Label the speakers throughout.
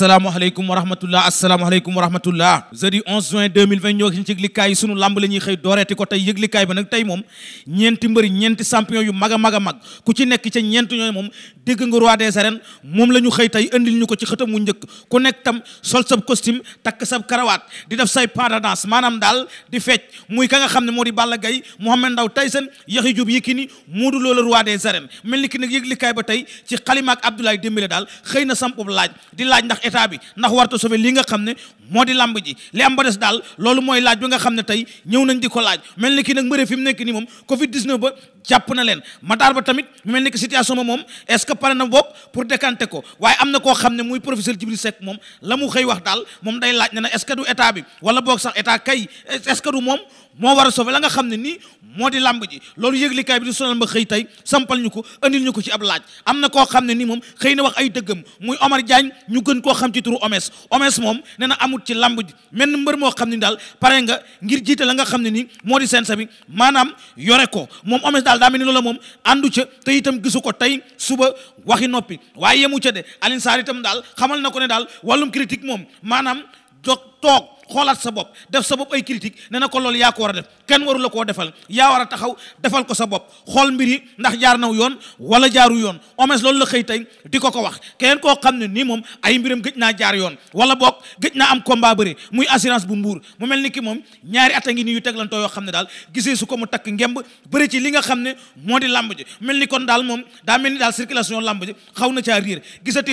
Speaker 1: asalaamaaleykum wa rahmatullah asalaamaaleykum wa rahmatullah jeudi 11 juin 2020 ñoo ci yëglikaay yi sunu lamb la xëy dooreeti ko tey yëglikaay ba nag tey moom ñeenti mbëri ñeenti champion yu mag a mag a mag ku ci nekk ca ñeenti ñooy moom dégg nga roi des arènes moom la ñu xëy tey andil ñu ko ci xëtam mu njëkk ku nekk tam sol sab costume takk sab karawaat di def say pas de maanaam daal di fecc muy ka nga xam ne moo di Balla Gaye Mohamed Ndao Tyson Yaxya Joob Yékini Modou Lo la roi des arènes mel ni ki nag yëglikaay ba tey ci xalimaak Abdoulaye Dembélé daal xëy na samp laaj di laaj ndax état bi ndax warta sauver li nga xam ne moo di làmb ji li am ba des daal loolu mooy laaj bi nga xam ne tey ñëw nañ di ko laaj mel ni ki nag mbëre fi nekk ni moom covid 19 ba jàpp na leen mataar ba tamit mu mel ni ki ba moom est ce que pare na bopp pour décanter ko waaye am na koo xam ne muy professeur Djibril Seck moom la état bi wala boog sax état moom moo war a sauver xam ne nii moo di làmb ji loolu yëglikaay bi di sonal ba xëy tey sampal ñu ñu ko ci ab am na koo xam ne nii moom xëy na wax ay dëggam muy Omar Diagne ñu gën koo xam ci turu Omes Omes moom nee na amul amut ci lamb menn mbër moo xam ne daal pare nga ngir jiite la nga xam ne ni moo di seen sabi maanaam yore ko moom Omès daal daa mel ni loola moom àndu ca te itam gisu ko tey suba waxi noppi waaye mu ca de Alioune Sarr itam daal xamal na ko ne daal wàllum critique moom maanaam jog toog xoolaat sa bopp def sa bopp ay critique ne ko loolu yaa ko war a def kenn waru la koo defal yaa war a taxaw defal ko sa bopp xool mbir yi ndax jaar naw yoon wala jaaru yoon omes loolu la xëy tey di ko ko wax keneen koo xam ne nii moom ay mbiram gëj naa jaar yoon wala boog gëj am combat bëri muy assurance bu mbuur mu mel ni ki moom ñaari at a ngi nii yu teglantoo yoo xam ne daal gisee su ko mu takk ngemb bëri li nga xam ne moo di làmb ji mel ni kon daal moom daa mel ni daal circulation làmb ji xaw na caa riir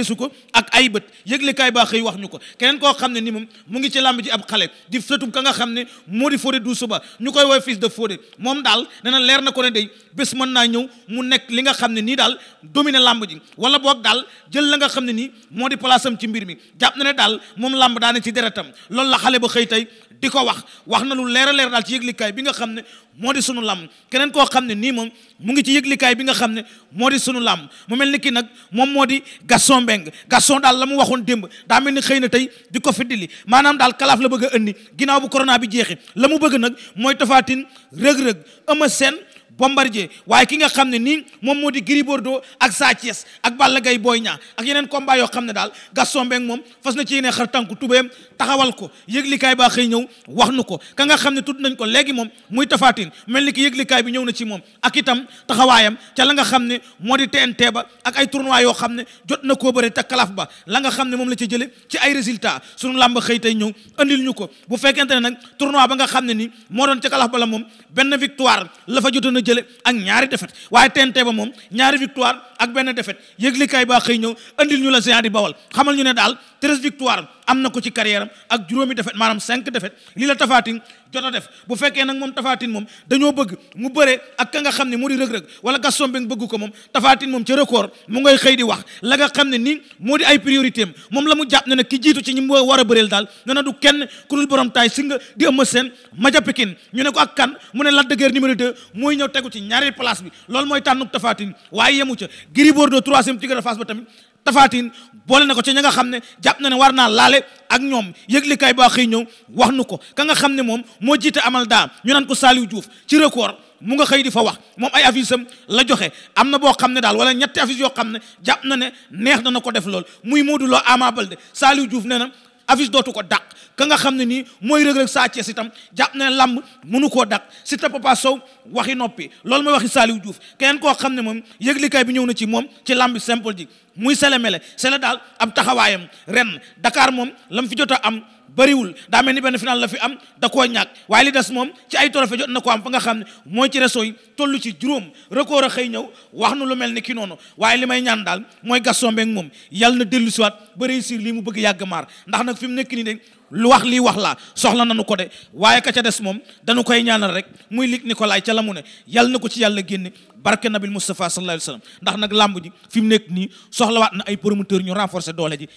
Speaker 1: su ko ak ay bët yëgle kaay baa xëy wax ñu ko keneen koo moom mu ngi ci làmb ji ab xale di sëtum ka nga xam ne moo di Fodé Doussouba ñu koy woowee fils de Fodé moom daal nee na leer na ko ne day bés mën naa ñëw mu nekk li nga xam ne nii daal dominer làmb ji wala boog daal jël la nga xam ne nii moo di place am ci mbir mi jàpp na ne daal moom làmb daane ci deretam loolu la xale ba xëy tey di ko wax wax na lu leer a leer daal ci yëglikaay bi nga xam ne moo di sunu làmb keneen koo xam ne nii moom mu ngi ci yëglikaay bi nga xam ne moo di sunu làmb mu mel ni kii nag moom moo di Gaston mbeng Gaston daal la mu waxoon démb daa mel ni xëy na tey di ko fiddili maanaam daal kalaaf la bëgg a indi ginnaaw bu corona bi jeexe la mu bëgg nag mooy tafaatin rëg-rëg Eumeu Sène Bombardier waaye ki nga xam ne nii moom moo di Gris Bordeaux ak Sa Thiès ak Balla Gaye Boy Niang ak yeneen combat yoo xam ne daal Gaston Mbengue moom fas na ci yéene xar tànku tubéem taxawal ko yëglikaay baa xëy ñëw wax nu ko ka nga xam ne tudd nañ ko léegi moom muy tafaatin mel ni ki yëglikaay bi ñëw na ci moom ak itam taxawaayam la nga xam ne moo di TNT ba ak ay tournoi yoo xam ne jot na koo bare te kalaf ba la nga xam ne moom la ci jële ci ay résultat sunu làmb xëy tey ñëw andil ñu ko bu fekkente ne nag tournoi ba nga xam ne nii moo doon ca kalaf ba la moom benn victoire la fa jotoon jële ak ñaari défaite waaye TNT ba moom ñaari victoire ak benn défaite yëglikaay baa xëy ñëw andil ñu la géant di bawal xamal ñu ne daal treize victoire am na ko ci carrière am ak juróomi défaite maanam cinq défaite lii la tafaatin jot a def bu fekkee nag moom tafaatin moom dañoo bëgg mu bëre ak ka nga xam ne mu di rëg-rëg wala Gaston Mbengue bëgg ko moom tafaatin moom ca record mu ngay xëy di wax la nga xam ne nii moo di ay priorité moom la mu jàpp ne ne ki jiitu ci ñi mu war a bëreel daal ne na du kenn ku dul borom taay si nga di Eumeu Sène Maja Pikine ñu ne ko ak kan mu ne Lac de Guiers numéro 2 mooy ñëw tegu ci ñaareel place bi loolu mooy tànnuk tafaatin waaye yemu ca Gris Bordeaux troisième tigre de Fass ba tamit tafaatin boole na ko ci ña nga xam ne jàpp na ne war naa laale ak ñoom yëglikaay baa xëy ñëw wax nu ko ka nga xam ne moom moo jiite amal daa ñu naan ko Saliou juuf ci record mu nga xëy di fa wax moom ay affiche am la joxe am na boo xam ne daal wala ñetti affiche yoo xam ne jàpp na ne neex na na ko def lool muy Modou Lo Ama Baldé Saliou Diouf nee na avis dootu ko dàq ka nga xam ne nii mooy Reug Reug Sa Thiès itam jàpp na làmb mënu koo dàq Siteu Papa Sow waxi noppi loolu mooy waxi Saliou Diouf kenn koo xam ne moom yëglikaay bi ñëw na ci moom ci làmb simple ji muy selemele sele daal ab taxawaayam ren Dakar moom lam fi jot am bariwul daa mel ni benn final la fi am da koo ñàkk waaye li des moom ci ay trophée jot na ko am fa nga xam ne mooy ci réseau yi toll ci juróom record a xëy ñëw wax nu lu mel ni ki noonu waaye li may ñaan daal mooy Gaston Mbengue moom yàlla na dellu siwaat ba mu bëgg yàgg maar ndax nag fi mu nekk nii de lu wax lii wax laa soxla nañu ko de waaye ka ca des moom dañu koy ñaanal rek muy lig Nicolas ca la mu ne yàlla na ko ci yàlla génne barke nabil Moustapha sallallahu alayhi wa sallam ndax nag làmb ji fi mu nekk nii soxlawaat na ay promoteur ñu renforcer doole ji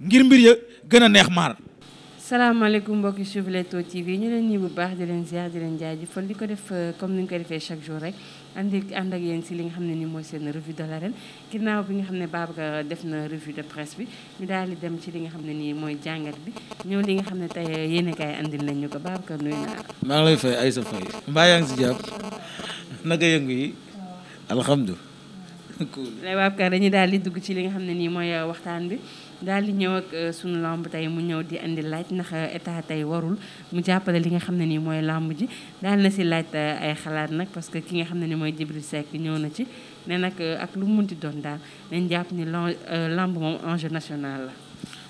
Speaker 1: ngir mbir ya gën a neex maar
Speaker 2: salaamaaleykum mbokki suivre Leewtoo TV ñu leen nii bu baax di leen ziar di leen jaajëfal di ko def euh, comme ni ñu ko defee chaque jour rek andi ànd ak yéen si li nga xam ne ni mooy seen revue de l'arène ginnaaw bi nga xam ne Babacar def na revue de presse bi ñu daal di dem ci li nga xam ne nii mooy jàngat bi ñëw li nga xam ne tey euh, yéen a kaay andil lañ ko Babacar nuyu naa la.
Speaker 1: maa ngi lay fay Aïssa Faye mbaa yaa ngi si jàpp naka yëngu yi oh. alhamdulilah.
Speaker 2: cool waaw Babacar dañuy daal di dugg ci li nga xam ne nii mooy euh, waxtaan bi. daal di ñëw ak euh, suñu lamb tey mu ñëw di indi laaj ndax euh, état tey warul mu jàppale li nga xam ne nii mooy lamb ji daal na si laaj euh, ay xalaat nag parce que ki nga xam ne ni mooy Djibril Seck ñëw na ci ne nag ak lu mu ti doon daal nañ jàpp ni lamb moom enjeu national la.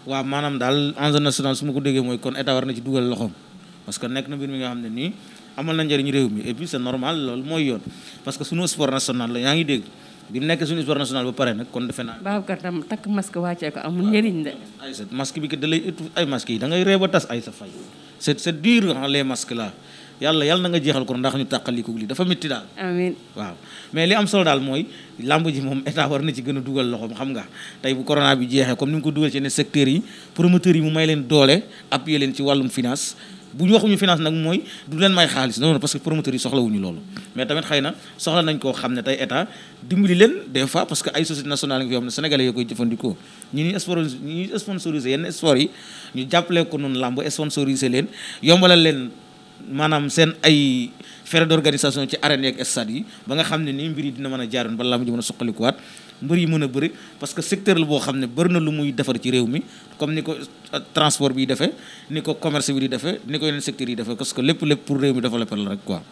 Speaker 1: waaw maanaam daal enjeu national su ma ko déggee mooy kon état war na ci dugal loxoom parce que nekk na mbir mi xam ne nii amal na njëriñ réew mi et normal loolu mooy yoon parce que sunu sport national la yaa ngi dégg. bi nekk suñu histoire nationale ba pare nag kon defe naa.
Speaker 2: Babacar takk masque wàccee ko amul njëriñ de.
Speaker 1: ay sa masque bi kat da lay ay masque yi da ngay réew a tas ay sa fay c'est c'est dur ah les masques là yàlla yàlla na nga jeexal ko ndax ñu tàqaliku li dafa métti daal. amiin waaw mais li am solo daal mooy làmb ji moom état war na ci gën a dugal loxoom xam nga tey bu corona bi jeexee comme ni mu ko dugal ci ne secteurs yi promoteurs yi mu may leen doole appuyer leen ci wàllum finance. bu ñu waxuñu finance nag mooy du leen may xaalis non parce que promoteurs yi soxlawuñu loolu mais tamit xëy na soxla nañ koo xam ne tey état dimbali leen des fois parce que ay société nationale nga fi yoo xam ne sénégalais yoo koy jëfandikoo ñu ñuy spor ñu ñuy sponsorisé yenn sport yi ñu jàppale ko noonu làmb sponsorisé leen yombalal leen maanaam seen ay frais d'organisation ci arène yeeg stade yi ba nga xam ne ni mbir yi dina mën a jaaroon ba làmb ji mën a suqalikuwaat mbër yi mën a bëri parce que secteur la boo xam ne bëri na lu muy defar ci réew mi comme ni ko euh, transport bi defee ni ko commerce bi di defee ni ko parce que lépp lépp pour réew mi développé la rek quoi.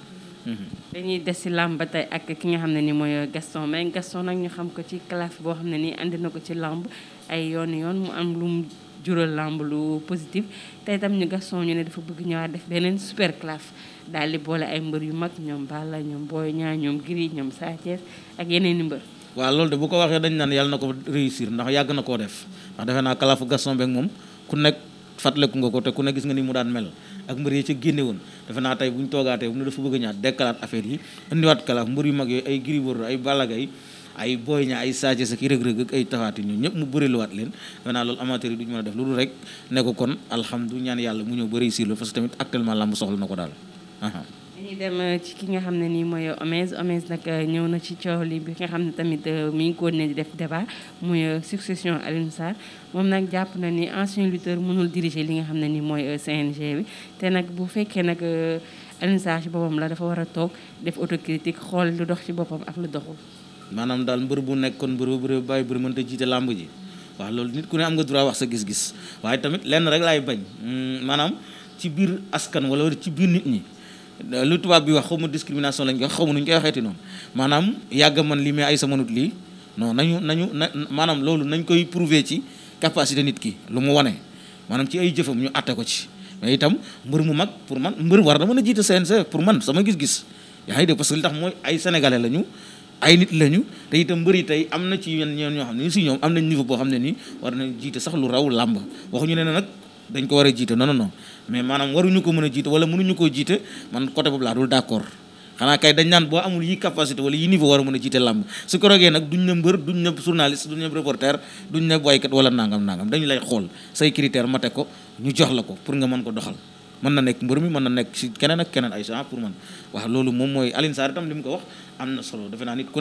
Speaker 2: Mhm. ak ki nga xam ne ni mooy euh, Gaston mais Gaston nag ñu xam ko ci classe boo xam ne nii andi na ko ci làmb ay yoon yoon mu am lu mu jural làmb lu positif tey tam ñu Gaston ñu ne dafa bëgg ñëwaat def beneen super classe daal di boole ay mbër yu mag ñoom Balla ñoom Boy Niang ñoom Gris ñoom Sa Thiès ak yeneen i mbër.
Speaker 1: waa loolu de bu ko waxee dañ naan yàlla na ko réussir ndax yàgg na ko def ndax defe naa kalaafu Gaston Mbengue moom ku nekk fàttaliku nga ko te ku ne gis nga ni mu daan mel ak mbër yi ca génne woon defe naa tey bu toogaatee bu ñu dafa bëgg a ñaat dekkalaat affaire yi indiwaat kalaaf mbër yu mag yooyu ay Gris Bordeaux ay Balla Gaye ay Boy Niang ñëpp mu bëriluwaat leen naa loolu amateur yi duñu mën a def loolu rek ne ko kon alhamdu ñaan yàlla mu ñëw ba réussir la parce que tamit actuellement làmb soxla na ko daal
Speaker 2: dañuy euh, ci ki nga xam ne nii mooy Omez Omez nag euh, ñëw na ci coow lii bi nga xam ne tamit euh, mi ngi ko ne di def débat muy succession Alioune moom nag jàpp na ni ancien lutteur mënul diriger li nga xam ne nii mooy CNG bi te nag bu fekkee nag Alioune Sarr ci boppam la dafa war a toog def autocritique xool lu dox ci boppam ak lu doxul.
Speaker 1: maanaam daal mbër bu kon mbër bu bëri bàyyi mbër mënta jiite làmb ji wax loolu nit ku ne am nga droit wax sa gis-gis waaye tamit lenn rek laay bañ hmm, maanaam ci biir askan wala ci biir nit ñi. lu tubaab bi wax xaw ma discrimination lañ koy wax xaw ma nu ñu koy waxeeti noonu maanaam yàgg man lii mais ay sa mënut lii non nañu nañu na maanaam loolu nañ koy prouver ci capacité nit ki lu mu wane maanaam ci ay jëfam ñu àtte ko ci mais itam mbër mu mag pour man mbër war na mën a jiite CNG pour man sama gis-gis yaa ngi parce que li tax mooy ay sénégalais lañu ay nit lañu te itam mbër yi tey am na ci yenn ñoo xam ne si ñoom am nañ niveau boo xam ne nii war nañ jiite sax lu raw làmb waxuñu ne nag. dañ ko war a jiite non non non mais maanaam waruñu ko mën a jiite wala mënuñu koo jiite man côté boobu laa dul d'accord xanaa kay dañ naan boo amul yi capacité wala yi niveau war a mën a jiite làmb su ko rogee nag duñ ne mbër duñ ne journaliste duñ ne reporter duñ ne boykat wala nangam nangam dañu lay xool say critère mate ko ñu jox la ko pour nga mën ko doxal mën na nekk mbër mi mën na nekk si keneen ak keneen ay gens pour man waaw loolu moom mooy Alioune Sarr itam li mu ko wax am na solo defe naa nit ku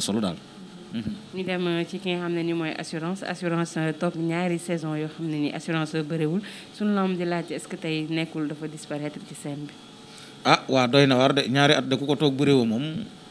Speaker 1: solo daal.
Speaker 2: ñu dem euh, ci ki xam ne ni mooy assurance assurance euh, topp ñaari saison yoo xam ne ni assurance bëriwul suñu la di laaj est-ce que tey nekkul dafa disparaître ci scène bi.
Speaker 1: ah waa doy na waar de ñaari at de ku ko toog bëree moom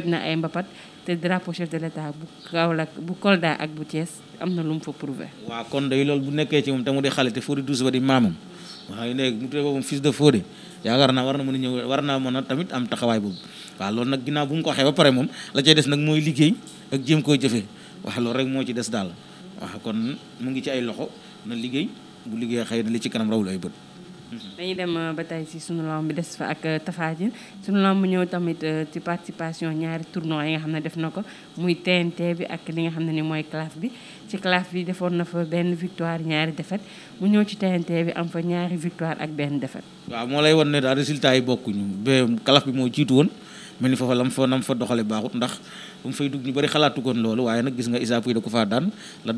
Speaker 2: toj na ay mbapat te drapeau chef de l'état bu Kaolack bu Kolda ak bu Thiès am na lu mu fa prouvé.
Speaker 1: waaw kon day loolu bu nekkee ci moom te mu di xale te Fodé Douce ba di maamam waaw léegi mu tuddee boobu fils de Fodé yaakaar naa war na mën ñëw war naa mën a tamit am taxawaay boobu waaw loolu nag ginnaaw bu mu ko waxee ba pare moom la cay des nag mooy liggéey ak jéem koo jëfee waaw loolu rek moo ci des daal waaw kon mu ngi ci ay loxo na liggéey bu liggéey xëy li ci kanam rawul ay bët.
Speaker 2: Mhm. dañuy dem euh, ba tey si sunu lamb bi des fa ak euh, Tapha Tine sunu lamb bu ñëw tamit euh, ci participation ñaari tournoi yi nga xam ne def na ko muy TNT bi ak li nga xam ne ni mooy CLAF bi ci CLAF bi defoon na fa benn victoire ñaari défaite mu ñëw ci TNT bi am fa ñaari victoire ak benn défaite.
Speaker 1: waaw moo lay wan ne daal résultat yi bokkuñu ba CLAF bi moo jiitu woon mel ni foofa lam fa nam fa doxale baaxut ndax bu mu fay ñu bëri xalaatu koon loolu waaye nag gis nga Issa Pouye da ko faa daan la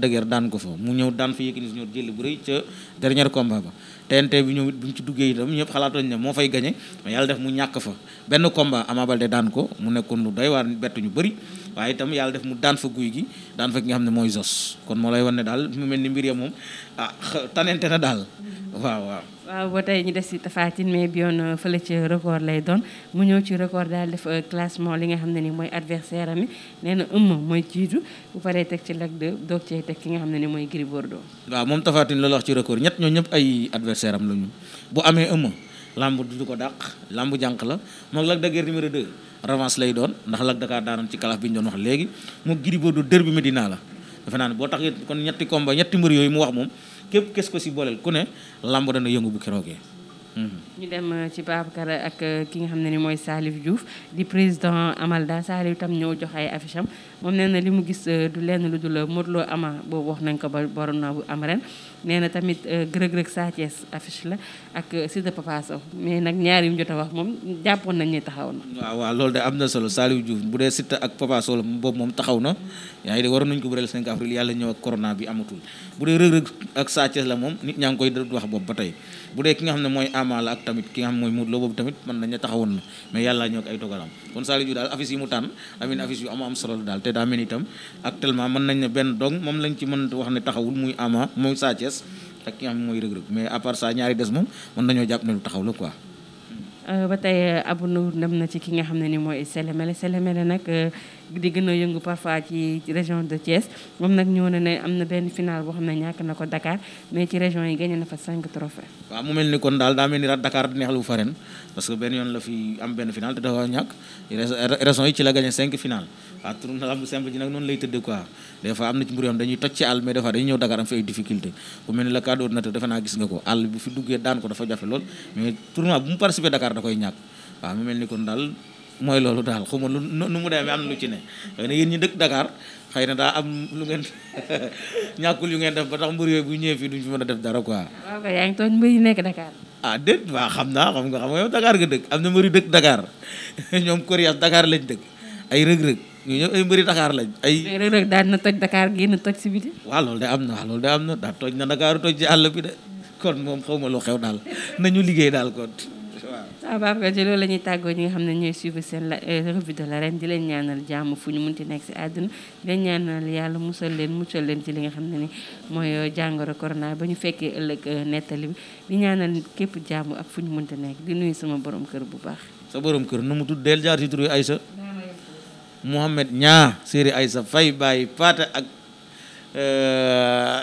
Speaker 1: ko fa mu ñëw daan fa Yékini Junior jël bu rëy ca dernier combat ba TNT bi ñoom it bi mu ci duggee itam ñëpp xalaatoon ne moo fay gañe mais yàlla def mu ñàkk fa benn combat Ama Baldé daan ko mu nekkoon lu doy waar bett ñu bëri waaye itam yàlla def mu daan fa guy gi daan fa ki nga xam ne mooy zos kon moo lay wan ne daal mu mel ni mbir moom ah tanente na daal waaw waaw
Speaker 2: waaw ba tey ñu des ci Tapha Tine mais bi yoon euh, fële ci record lay doon mu ñëw ci record daal def euh, classement li nga xam ne ni mooy adversaire ami nee na ëmm mooy jiitu bu paree teg ci Lac 2 doog cee teg ki nga xam ne ni mooy Gris Bordeaux.
Speaker 1: waaw moom Tapha Tine loolu wax ci record ñett ñoo ñëpp ay adversaire am la bu amee ëmm lamb du du ko dàq lamb jànq la moom Lac de Guiers numéro 2 revanche lay doon ndax Lac Dakar daanoon ci kalaf bi ñu doon wax léegi moom Gris Bordeaux derby Medina naa boo tax kon ñetti combat ñetti mbër yooyu mu wax moom. képp kes ko si booleel ku ne lamb dana yëngu bu keroogee
Speaker 2: Mm-hmm. ñu dem euh, ci Babacar ak euh, ki nga xam ne ni mooy Salif Diouf di président Amalda Salif tam ñëw jox ay affiche am moom nee na li mu gis euh, du lenn lu dul Modou Lo Ama boobu wax nañ ko ba borom na bu am nee na tamit Reug Reug Sa Thiès la ak Siteu Papa Sow nag ñaar yu a wax moom jàppoon nañ ne taxaw na.
Speaker 1: waaw loolu am na solo Salif Diouf bu dee Siteu ak Papa Sow la boobu moom taxaw na yaa ngi de waroon nañu ko bëreel 5 avril yàlla ñëw ak corona bi amatul bu dee Reug Reug ak Sa la moom nit ñaa ngi koy wax boobu ba tey. bu dee ki nga xam ne mooy Ama la ak tamit ki nga xam ne mooy Modou boobu tamit mën nañu taxawoon na mais yàlla ñoo ko ay dogalam kon Saliou daal affiche yi mu tànn amin affiche yu am am solo daal te daa mel itam actuellement mën nañ ne benn dong moom lañ ci mën wax ne taxawul muy Ama mooy Sa ak ki nga xam ne mooy Reug Reug mais à part ñaari des moom mën nañoo jàpp ne lu taxaw la quoi
Speaker 2: euh, ba tey Abou Nour dem na ci ki nga xam ne ni mooy euh, di gën a yëngu parfois ci région de Thiès moom nag ñëw na ne am na benn final boo xam ne ñàkk na ko Dakar mais ci région yi gagné na fa 5 trophées.
Speaker 1: waaw mu mel ni kon daal daa mel ni daal am fi ay difficulté bu mel ni la cadre ordinateur defe naa gis nga ko àll bu fi duggee daan ko dafa jafe lool mais tournoi bu mu participé Dakar da koy ñàkk waaw mu mel ni kon daal mooy loolu daal xuma lu nu mu demee am na lu ci ne xëy na yéen ñi dëkk dakaar xëy na daa am lu ngeen ñàkkul yu ngeen def ba tax mbir yooyu bu ñëwee fii duñ fi mën a def dara quoi.
Speaker 2: waaw kay yaa ngi tooñ mbir yi nekk Dakar.
Speaker 1: ah déet xam naa xam nga xam nga yow Dakar nga dëkk am na mbir yu dëkk Dakar ñoom Korias Dakar lañ dëkk ay rëg-rëg ñu ñëw ay mbëri Dakar lañ ay
Speaker 2: rëg-rëg daan na toj Dakar génn toj si biti
Speaker 1: waaw loolu de am na waaw loolu de am na daa toj na Dakar toj ci àll bi de kon moom xaw ma lu xew daal ñu liggéey daal kon
Speaker 2: Ababacar ci loolu la ñuy tàggoo ñi nga xam ne ñooy suivre seen la euh, revue de l'arène di leen ñaanal jàmm fu ñu munti nekk si àdduna di leen ñaanal yàlla musal leen musal leen ci li nga xam ne ni mooy euh, jàngoro corona ba ñu fekkee ëllëg euh, nettali bi di ñaanal képp jàmm ak fu ñu munti nekk di nuyu sama borom kër bu baax.
Speaker 1: sa borom kër nu mu tudd del jaar ci turu Aïssa. Mouhamed ñaa séeri Aïssa Faye Baye Fata ak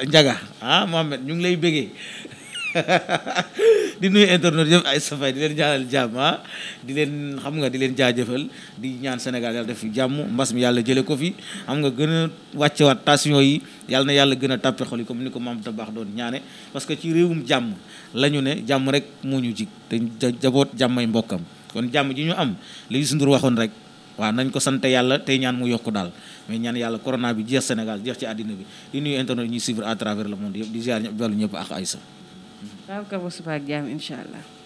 Speaker 1: Njaga ah ñu ngi lay bëggee. di nuyu internet yëpp ay safay di leen ñaanal jàmm ah di leen xam nga di leen jëfal di ñaan Sénégal yal def fi jàmm mbas mi yàlla jële ko fi xam nga gën a wàccewaat tension yi yàlla na yàlla gën a tàppe xol yi comme ni ko maam ta baax doon ñaane parce que ci réewum jàmm la ñu ne jàmm rek moo ñu jig te jaboot jàmmay mbokkam kon jàmm ji ñu am li Youssou Ndour waxoon rek waa nañ ko sant yàlla tey ñaan mu yokk daal mais ñaan yàlla corona bi jeex Sénégal jeex ci àddina bi di nuyu internet ñuy suivre ñëpp bellu ñëpp ak
Speaker 2: Babacar ba suba ak jàmm incha allah.